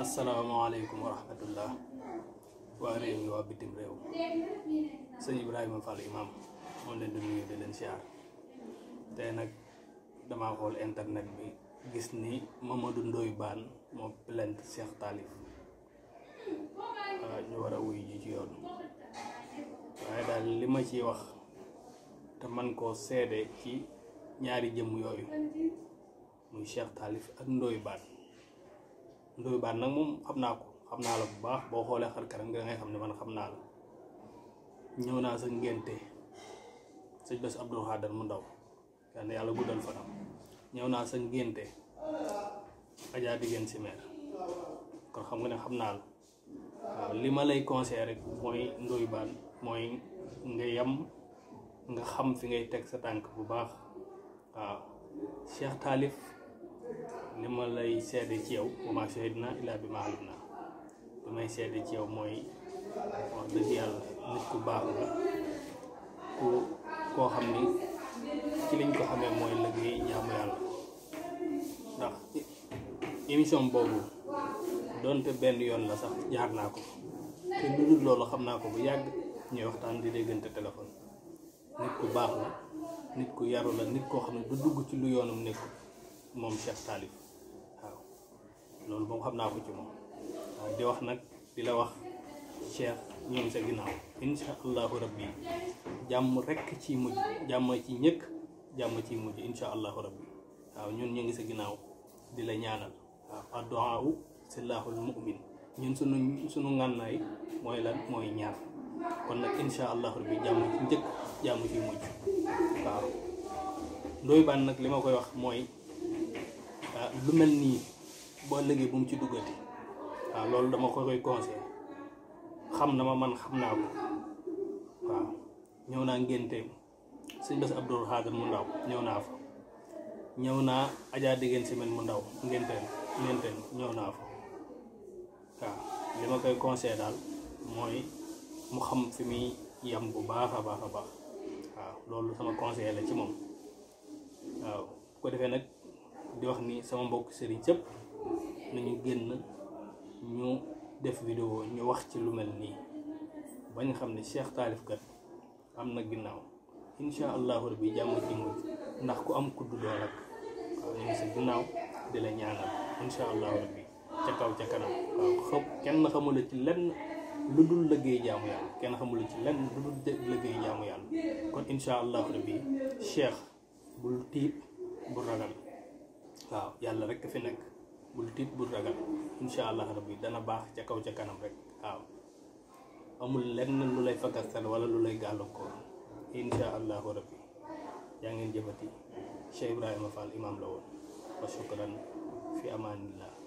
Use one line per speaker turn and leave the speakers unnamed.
asalaamaaleykum wa rahmatullah waa réew mi waa bitim réew sëñ Ibrahima Fall imam moom leen di nuyu di nag damaa internet bi gis ni Mamadou Ndoye Bane moo plainte Cheikh Talif ñu war a wuy ji ci yoon waaye daal li ma ci wax te man koo seede ci ñaari jëm yooyu muy Cheikh Talif ak Ndoye Bane ndoyu baan nag moom xam naa ko xam naa la bu baax boo xoolee xar kanam nga ngay xam ne man xam naa la ñëw naa sa ngénte sëñ Bass Abdou Khadre mu ndaw yal yàlla guddal fanam ñëw naa sa ngénte ajaa diggéen si meer kon xam nga ne xam naa la waaw li ma lay conseillé rek mooy ndoyu baan mooy nga yam nga xam fi ngay teg sa tànk bu baax waaw Cheikh Taalif li ma lay seede ci yow wa maa shahidnaa may seede ci mooy wax dëgg yàlla nit ku baax ku koo xam ni
ci liñ ko xamee mooy
liggéey jaamu yàlla ndax émission boobu doonte benn yoon la sax jaar naa ko te lu loolu xam naa ko bu yàgg ñuy waxtaan di déggante téléphone nit ku baax la nit ku yaru la nit koo xam ne du dugg ci lu yoonam nekkul moom Cheikh Talif loolu moom xam naa ko ci moom waaye di wax nag di la wax Cheikh ñu sa ginnaaw insha allahu rabbi jàmm rekk ci mujj jàmm ci ñëkk jàmm ci mujj insha allahu rabbi waaw ñu ngi sa ginnaaw di la ñaanal sunu sunu ngànnaay lan mooy ñaar kon jàmm ci njëkk jàmm ci mujj waaw ndoy baan nag li ma koy wax mooy ah, lu mel nii boo ëllëgee bu mu ci duggati waaw loolu dama ko koy conseillé xam na ma man xam naa ko waaw ñëw naa ngénte sëñ Bass Abdou mu ndaw ñëw naa fa ñëw naa ajaa diggéen semaine mu ndaw ngénte ngénteel ñëw naa fa waaw koy conseillé mooy mu xam fi muy bu baax a baax a baax loolu sama conseil la ci moom waaw bu ko defee nag di wax ni sama mbokk sëriñ sëpp nañu génn ñu def vidéo ñu wax ci lu mel nii bañ xam ne Cheikh Taalif kat am na ginnaaw incha allahu rabbi jàmm ci mujj ndax ku am kudd dool ak waaw ñu ngi sa ginnaaw di la ñaanal incha allahu rabbi ca kaw ca kanam waaw xam kenn xamula ci lenn lu dul lëggéey jaamu yàlla kenn xamula ci lenn lu dul lëggéey jaamu yàlla kon incha allahu rabbi Cheikh bul tiit bu ragal waaw yàlla rekk fi nekk bul tiit bu ragal incha allah rabbi dana baax ca kaw ca kanam rek waaw amul lenn lu lay fakastal wala lu lay gàllankoor incha allahu rabbi yaa ngeen jëfati Cheikh Ibrahima Fall imam la woon wa shukran fi amanillah